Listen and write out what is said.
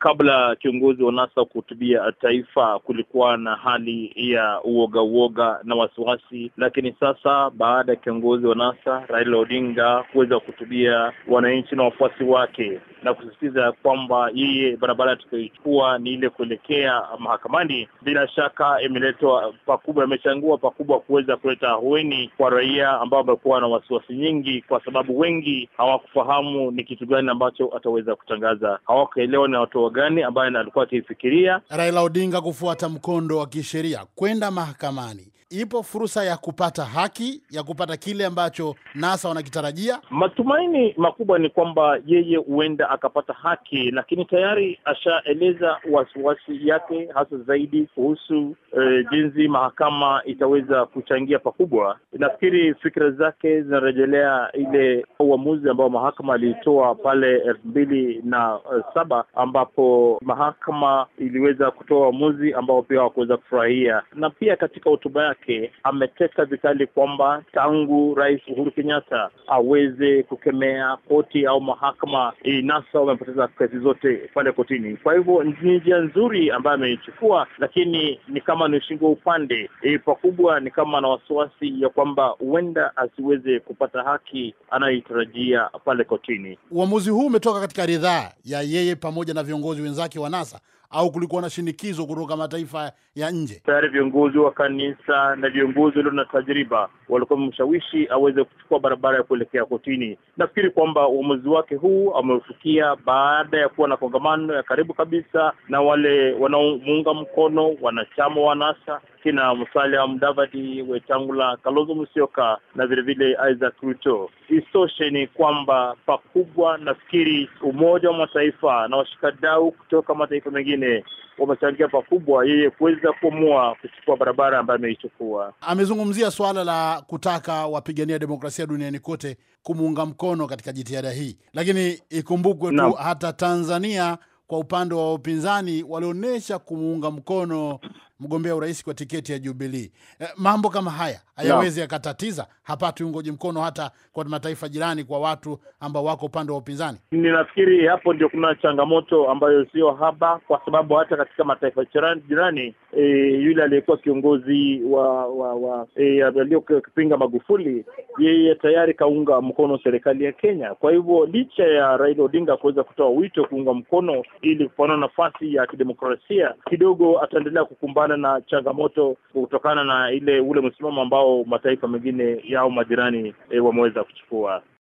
Kabla kiongozi wa NASA kuhutubia taifa, kulikuwa na hali ya uoga uoga na wasiwasi, lakini sasa baada ya kiongozi wa NASA Raila Odinga kuweza kuhutubia wananchi na wafuasi wake na kusisitiza kwamba yeye barabara atakayochukua ni ile kuelekea mahakamani, bila shaka imeletwa pakubwa, imechangua pakubwa kuweza kuleta ahueni kwa raia ambao wamekuwa na wasiwasi nyingi, kwa sababu wengi hawakufahamu ni kitu gani ambacho ataweza kutangaza, hawakuelewa ni watoa hatua gani ambayo alikuwa akiifikiria Raila Odinga kufuata mkondo wa kisheria kwenda mahakamani ipo fursa ya kupata haki ya kupata kile ambacho NASA wanakitarajia? Matumaini makubwa ni kwamba yeye huenda akapata haki, lakini tayari ashaeleza wasiwasi yake hasa zaidi kuhusu eh, jinsi mahakama itaweza kuchangia pakubwa. Nafikiri fikira zake zinarejelea ile uamuzi ambao mahakama aliitoa pale elfu mbili na eh, saba ambapo mahakama iliweza kutoa uamuzi ambao pia hawakuweza kufurahia, na pia katika hotuba yake wake ameteta vikali kwamba tangu Rais Uhuru Kenyatta aweze kukemea koti au mahakama hii, eh, NASA wamepoteza kesi zote pale kotini. Kwa hivyo ni njia nzuri ambayo ameichukua, lakini ni kama ni ushingo wa upande e, pakubwa ni kama na wasiwasi ya kwamba huenda asiweze kupata haki anayoitarajia pale kotini. Uamuzi huu umetoka katika ridhaa ya yeye pamoja na viongozi wenzake wa NASA au kulikuwa na shinikizo kutoka mataifa ya nje? Tayari viongozi wa kanisa na viongozi walio na tajriba walikuwa mshawishi aweze kuchukua barabara ya kuelekea kotini. Nafikiri kwamba uamuzi wake huu ameufikia baada ya kuwa na kongamano ya karibu kabisa na wale wanaomuunga mkono wanachama wa NASA kina Musalia Mudavadi, Wetangula, Kalonzo Musyoka na vilevile Isaac Ruto. Isitoshe ni kwamba pakubwa, nafikiri Umoja wa Mataifa na washikadau kutoka mataifa mengine wamechangia pakubwa yeye kuweza kuamua kuchukua barabara ambayo ameichukua. Amezungumzia suala la kutaka wapigania demokrasia duniani kote kumuunga mkono katika jitihada hii, lakini ikumbukwe tu hata Tanzania kwa upande wa upinzani walionyesha kumuunga mkono mgombea urais kwa tiketi ya Jubilii. Eh, mambo kama haya hayawezi yakatatiza hapati ungoji mkono hata kwa mataifa jirani, kwa watu ambao wako upande wa upinzani. Ninafikiri hapo ndio kuna changamoto ambayo sio haba, kwa sababu hata katika mataifa jirani e, yule aliyekuwa kiongozi wa wa, wa e, eh, aliyokipinga Magufuli yeye tayari kaunga mkono serikali ya Kenya. Kwa hivyo licha ya Raila Odinga kuweza kutoa wito kuunga mkono ili kupanua nafasi ya kidemokrasia kidogo, ataendelea kukumbana kutokana na changamoto kutokana na ile ule msimamo ambao mataifa mengine yao majirani e, wameweza kuchukua.